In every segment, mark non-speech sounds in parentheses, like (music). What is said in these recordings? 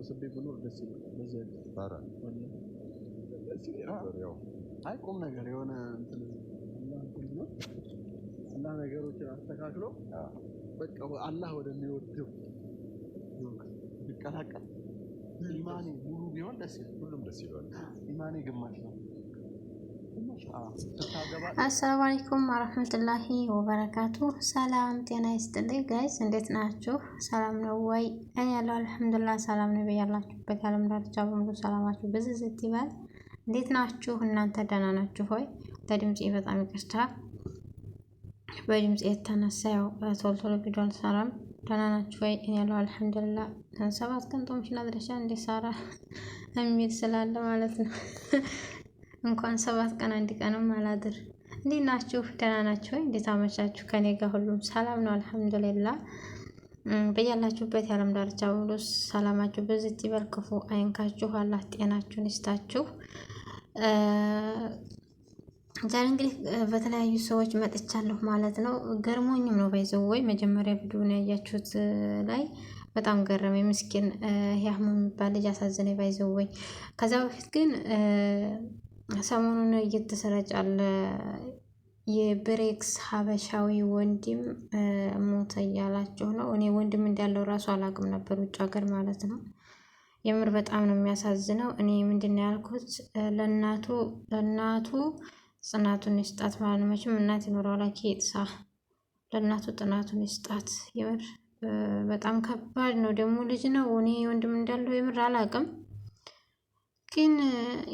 ተሰብስቤ ብኖር ደስ ይላል። አይ ቁም ነገር የሆነ እና ነገሮችን አስተካክሎ በቃ አላህ ወደሚወደው ይቀላቀል። ኢማኔ ሙሉ ቢሆን ደስ ይላል። ሁሉም ደስ ይላል። ኢማኔ ግማሽ ነው። አሰላሙ አለይኩም ወረህመቱላሂ ወበረካቱ። ሰላም ጤና ይስጥልኝ ጋይስ፣ እንዴት ናችሁ? ሰላም ነው ወይ? እኔ ያለው አልሐምዱሊላህ ሰላም ነው። በያላችሁበት የዓለም ዳርቻ በሙሉ ሰላማችሁ ብዝዝት ይበል። እንዴት ናችሁ እናንተ? ደህና ናችሁ ሆይ? ለድምፄ በጣም ይቅርታ፣ በድምፄ የተነሳ ያው ቶሎ ቶሎ ቪዲዮ አልሰራም። ደህና ናችሁ ወይ? እኔ ያለው አልሐምዱሊላህ። ሰባት ቀን ጦምሽን አድረሻ እንዴት ሳራ የሚል ስላለ ማለት ነው እንኳን ሰባት ቀን አንድ ቀንም አላድር። እንዴት ናችሁ? ደህና ናችሁ ወይ? እንዴት አመቻችሁ? ከኔ ጋር ሁሉም ሰላም ነው አልሐምዱሊላ። በያላችሁበት የዓለም ዳርቻ ሁሉ ሰላማችሁ በዚህ ይበል፣ ክፉ አይንካችሁ፣ አላህ ጤናችሁን ይስጣችሁ። ዛሬ እንግዲህ በተለያዩ ሰዎች መጥቻለሁ ማለት ነው። ገርሞኝም ነው ባይዘው ወይ መጀመሪያ ቪዲዮን ያያችሁት ላይ በጣም ገረመኝ። ምስኪን ያህሙ የሚባል ልጅ አሳዘነ ባይዘው ወይ ከዛ በፊት ግን ሰሞኑን እየተሰራጫለ የብሬክስ ሀበሻዊ ወንድም ሞተ እያላቸው ነው። እኔ ወንድም እንዳለው ራሱ አላውቅም ነበር፣ ውጭ ሀገር ማለት ነው። የምር በጣም ነው የሚያሳዝነው። እኔ ምንድን ነው ያልኩት ለእናቱ ለእናቱ ጽናቱን ይስጣት ማለት ነው። መቼም እናት ይኖረዋል ኬጥሳ ለእናቱ ጥናቱን ይስጣት። የምር በጣም ከባድ ነው። ደግሞ ልጅ ነው። እኔ ወንድም እንዳለው የምር አላውቅም። ግን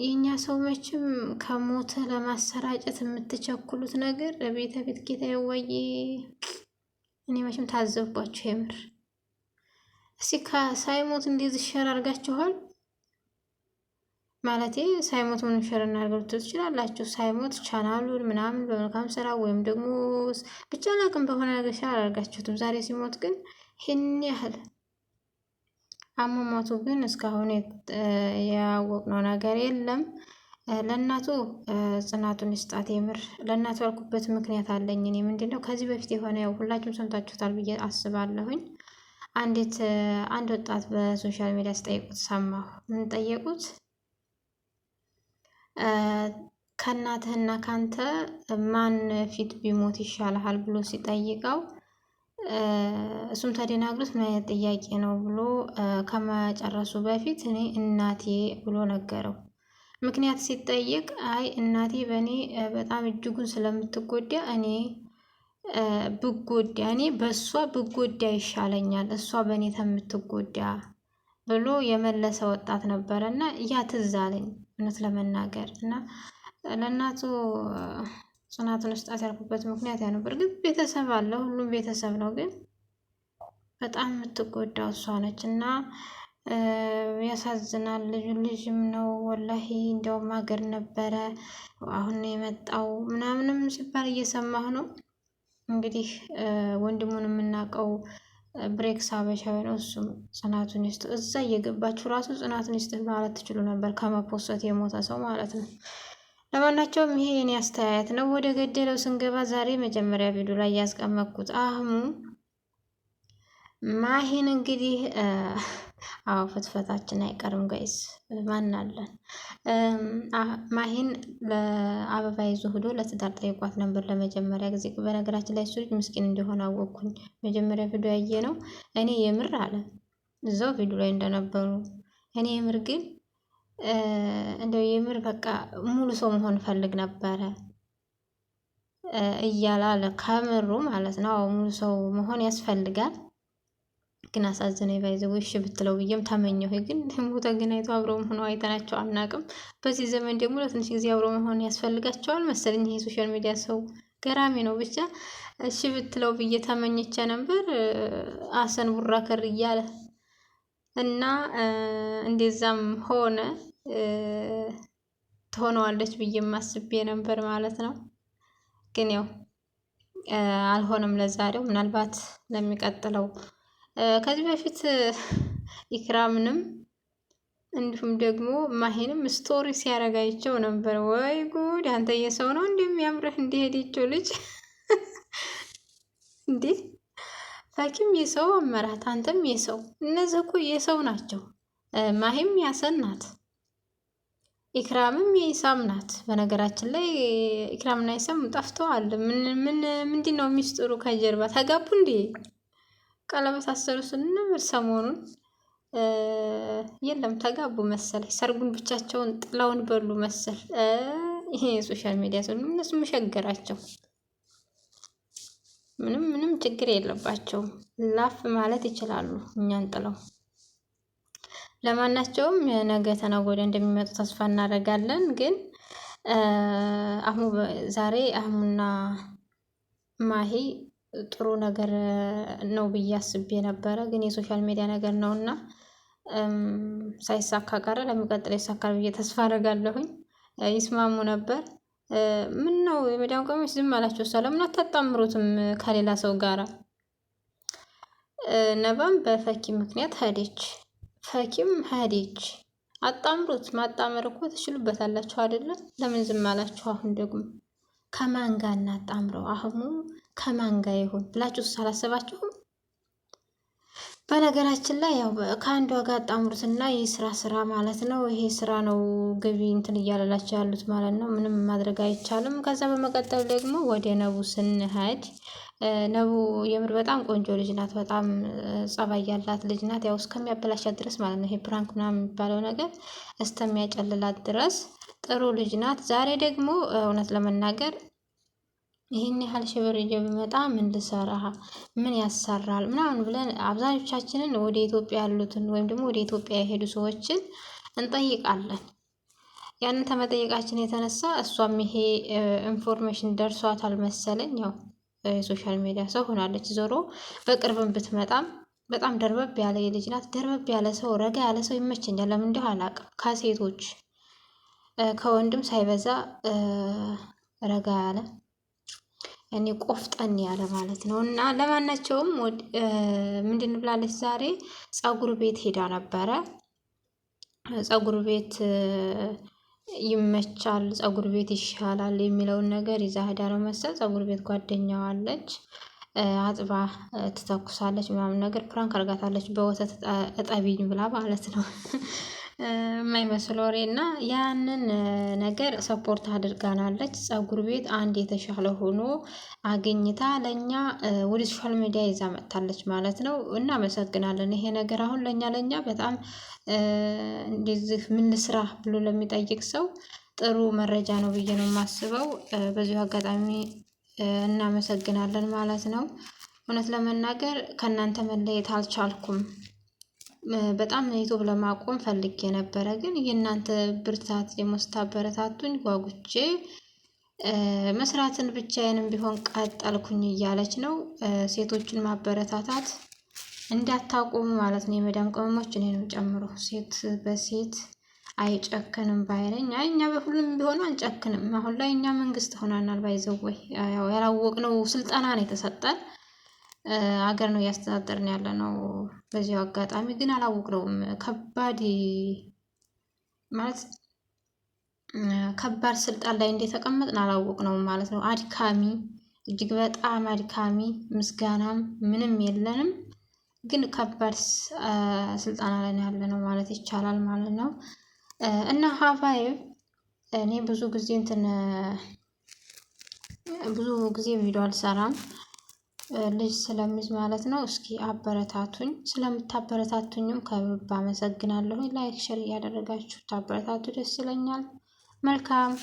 የእኛ ሰው መቼም ከሞት ለማሰራጨት የምትቸኩሉት ነገር ቤተ ቤት ጌታ የዋዬ እኔ መቼም ታዘብኳችሁ። የምር እስቲ ከሳይሞት እንደዚህ ሸር አድርጋችኋል ማለቴ ሳይሞት ምን ሸር እናድርገው ትችላላችሁ። ሳይሞት ቻናሉን ምናምን በመልካም ስራ ወይም ደግሞ ብቻ ላቅም በሆነ ነገር ሸር አድርጋችሁትም ዛሬ ሲሞት ግን ይህን ያህል አሟሟቱ ግን እስካሁን ያወቅነው ነገር የለም። ለእናቱ ጽናቱን ይስጣት። የምር ለእናቱ ያልኩበት ምክንያት አለኝ። እኔ ምንድን ነው ከዚህ በፊት የሆነ ያው ሁላችሁም ሰምታችሁታል ብዬ አስባለሁኝ። አንዲት አንድ ወጣት በሶሻል ሚዲያ ስጠይቁት ሰማሁ። ምን ጠየቁት? ከእናትህና ካንተ ማን ፊት ቢሞት ይሻልሃል ብሎ ሲጠይቀው እሱም ተደናግሮት ምን አይነት ጥያቄ ነው ብሎ ከመጨረሱ በፊት እኔ እናቴ ብሎ ነገረው። ምክንያት ሲጠየቅ አይ እናቴ በእኔ በጣም እጅጉን ስለምትጎዳ እኔ ብጎዳ እኔ በእሷ ብጎዳ ይሻለኛል እሷ በእኔ ተምትጎዳ ብሎ የመለሰ ወጣት ነበረ እና ያ ትዝ አለኝ እውነት ለመናገር እና ለእናቱ ጽናትን ውስጣት ያልኩበት ምክንያት ያ ነበር። ግን ቤተሰብ አለ፣ ሁሉም ቤተሰብ ነው። ግን በጣም የምትጎዳው እሷ ነች እና ያሳዝናል። ልጁ ልጅም ነው ወላሂ። እንዲያውም ሀገር ነበረ አሁን የመጣው ምናምንም ሲባል እየሰማሁ ነው። እንግዲህ ወንድሙን የምናውቀው ብሬክስ ሀበሻዊ ነው። እሱም ጽናቱን ይስጥ እዛ እየገባችሁ ራሱ ጽናቱን ይስጥ ማለት ትችሉ ነበር። ከመፖሰት የሞተ ሰው ማለት ነው። ለማናቸውም ይሄ የኔ አስተያየት ነው። ወደ ገደለው ስንገባ ዛሬ መጀመሪያ ቪዲዮ ላይ ያስቀመጥኩት አህሙ ማሂን እንግዲህ አዎ ፍትፈታችን አይቀርም ጋይስ፣ ማን አለን ለአበባ ይዞ ሂዶ ለትዳር ጠይቋት ነበር ለመጀመሪያ ጊዜ። በነገራችን ላይ እሱ ልጅ ምስኪን እንደሆነ አወቅኩኝ። መጀመሪያ ቪዲዮ ያየ ነው። እኔ የምር አለ እዛው ቪዲዮ ላይ እንደነበሩ እኔ የምር ግን እንደው የምር በቃ ሙሉ ሰው መሆን ፈልግ ነበረ አለ ከምሩ ማለት ነው። አዎ ሙሉ ሰው መሆን ያስፈልጋል። ግን አሳዘነኝ። ባይዘ እሺ ብትለው ብዬም ተመኘሁ። ግን ደግሞ ተገናኝቶ አብረው ሆነው አይተናቸው አናቅም። በዚህ ዘመን ደግሞ ለትንሽ ጊዜ አብረው መሆን ያስፈልጋቸዋል መሰለኝ። ይሄ ሶሻል ሚዲያ ሰው ገራሚ ነው። ብቻ እሺ ብትለው ብዬ ተመኝቼ ነበር። አሰን ቡራ ከር እያለ እና እንደዛም ሆነ ትሆነዋለች ብዬ ማስቤ ነበር ማለት ነው። ግን ያው አልሆነም ለዛሬው፣ ምናልባት ለሚቀጥለው ከዚህ በፊት ኢክራምንም እንዲሁም ደግሞ ማሄንም ስቶሪ ሲያደርግ ነበር። ወይ ጉድ! አንተ የሰው ነው እንደሚያምርህ እንደሄደችው ልጅ እንዴ! ፈኪም የሰው አመራት፣ አንተም የሰው እነዚህ እኮ የሰው ናቸው። ማሂም ያሰን ናት፣ ኢክራምም የኢሳም ናት። በነገራችን ላይ ኢክራምና ኢሳም ጠፍተዋል። ምን ምንድን ነው ሚስጥሩ? ከጀርባ ተጋቡ እንዴ? ቀለበት አሰሩ ስንል ሰሞኑን የለም ተጋቡ መሰል። ሰርጉን ብቻቸውን ጥላውን በሉ መሰል። ይሄ የሶሻል ሚዲያ ሰው እነሱ መሸገራቸው ምንም ምንም ችግር የለባቸውም። ላፍ ማለት ይችላሉ እኛን ጥለው። ለማናቸውም ነገ ተነጎደ እንደሚመጡ ተስፋ እናደርጋለን። ግን አህሙ ዛሬ አህሙና ማሂ ጥሩ ነገር ነው ብዬ አስቤ ነበረ። ግን የሶሻል ሚዲያ ነገር ነው እና ሳይሳካ ቀረ። ለሚቀጥለው ይሳካል ብዬ ተስፋ አደርጋለሁኝ። ይስማሙ ነበር። ምን ነው የመዳም ቅመሞች ዝም አላቸው? እሷ ለምን አታጣምሩትም ከሌላ ሰው ጋራ? ነባም በፈኪ ምክንያት ሄደች፣ ፈኪም ሄደች። አጣምሩት፣ ማጣመር እኮ ትችሉበታላችሁ አይደለም? ለምን ዝም አላችሁ? አሁን ደግሞ ከማን ጋር እናጣምረው? አህሙ ከማን ጋር ብላችሁ ሳላሰባችሁም በነገራችን ላይ ያው ከአንዷ ጋር አጣምሩትና የስራ ስራ ማለት ነው። ይሄ ስራ ነው ገቢ እንትን እያለላቸው ያሉት ማለት ነው። ምንም ማድረግ አይቻልም። ከዛ በመቀጠል ደግሞ ወደ ነቡ ስንሄድ ነቡ የምር በጣም ቆንጆ ልጅ ናት። በጣም ጸባይ ያላት ልጅ ናት። ያው እስከሚያበላሻት ድረስ ማለት ነው። ይሄ ፕራንክ ምናምን የሚባለው ነገር እስከሚያጨልላት ድረስ ጥሩ ልጅ ናት። ዛሬ ደግሞ እውነት ለመናገር ይህን ያህል ሺህ ብር ይዤ ብመጣ ምን ልሰራ ምን ያሰራል ምናምን ብለን አብዛኞቻችንን ወደ ኢትዮጵያ ያሉትን ወይም ደግሞ ወደ ኢትዮጵያ የሄዱ ሰዎችን እንጠይቃለን። ያንን ከመጠየቃችን የተነሳ እሷም ይሄ ኢንፎርሜሽን ደርሷታል መሰለኝ። ያው የሶሻል ሚዲያ ሰው ሆናለች። ዞሮ በቅርብም ብትመጣም በጣም ደርበብ ያለ የልጅ ናት። ደርበብ ያለ ሰው ረጋ ያለ ሰው ይመቸኛል። ለምን እንዲሁ አላቅም። ከሴቶች ከወንድም ሳይበዛ ረጋ ያለ ያኔ ቆፍጠን ያለ ማለት ነው። እና ለማናቸውም ምንድን ብላለች ዛሬ ፀጉር ቤት ሄዳ ነበረ። ፀጉር ቤት ይመቻል፣ ፀጉር ቤት ይሻላል የሚለውን ነገር ይዛ ሄዳ ነው መሰል። ፀጉር ቤት ጓደኛዋ አለች አጥባ ትተኩሳለች ምናምን ነገር ፕራንክ አርጋታለች። በወተት እጠቢኝ ብላ ማለት ነው። (laughs) የማይመስል ወሬ እና ያንን ነገር ሰፖርት አድርጋናለች። ጸጉር ቤት አንድ የተሻለ ሆኖ አግኝታ ለእኛ ወደ ሶሻል ሚዲያ ይዛ መጥታለች ማለት ነው። እናመሰግናለን ይሄ ነገር አሁን ለእኛ ለእኛ በጣም እንደዚህ ምን ልስራ ብሎ ለሚጠይቅ ሰው ጥሩ መረጃ ነው ብዬ ነው የማስበው። በዚሁ አጋጣሚ እናመሰግናለን ማለት ነው። እውነት ለመናገር ከእናንተ መለየት አልቻልኩም በጣም ዩቱብ ለማቆም ፈልጌ ነበረ ግን የእናንተ ብርታት ደግሞ ስታበረታቱኝ ጓጉቼ መስራትን ብቻዬንም ቢሆን ቀጠልኩኝ እያለች ነው። ሴቶችን ማበረታታት እንዳታቆሙ ማለት ነው። የመዳም ቅመሞች እኔ ነው ጨምሮ ሴት በሴት አይጨክንም ባይለኝ አይ እኛ በሁሉም ቢሆኑ አንጨክንም። አሁን ላይ እኛ መንግስት ሆናናል። ባይዘወይ ያላወቅነው ስልጠና ነው የተሰጠን። ሀገር ነው እያስተዳደርን ነው። በዚሁ አጋጣሚ ግን አላወቅነውም። ከባድ ማለት ከባድ ስልጣን ላይ እንደተቀመጥን አላወቅነውም ማለት ነው። አድካሚ እጅግ በጣም አድካሚ ምስጋናም ምንም የለንም። ግን ከባድ ስልጣና ላይ ያለ ነው ማለት ይቻላል ማለት ነው። እና ሀባይብ እኔ ብዙ ጊዜ እንትን ብዙ ጊዜ ቪዲዮ አልሰራም ልጅ ስለሚይዝ ማለት ነው። እስኪ አበረታቱኝ። ስለምታበረታቱኝም ከልብ አመሰግናለሁ። ላይክ ሸር እያደረጋችሁ ታበረታቱ ደስ ይለኛል። መልካም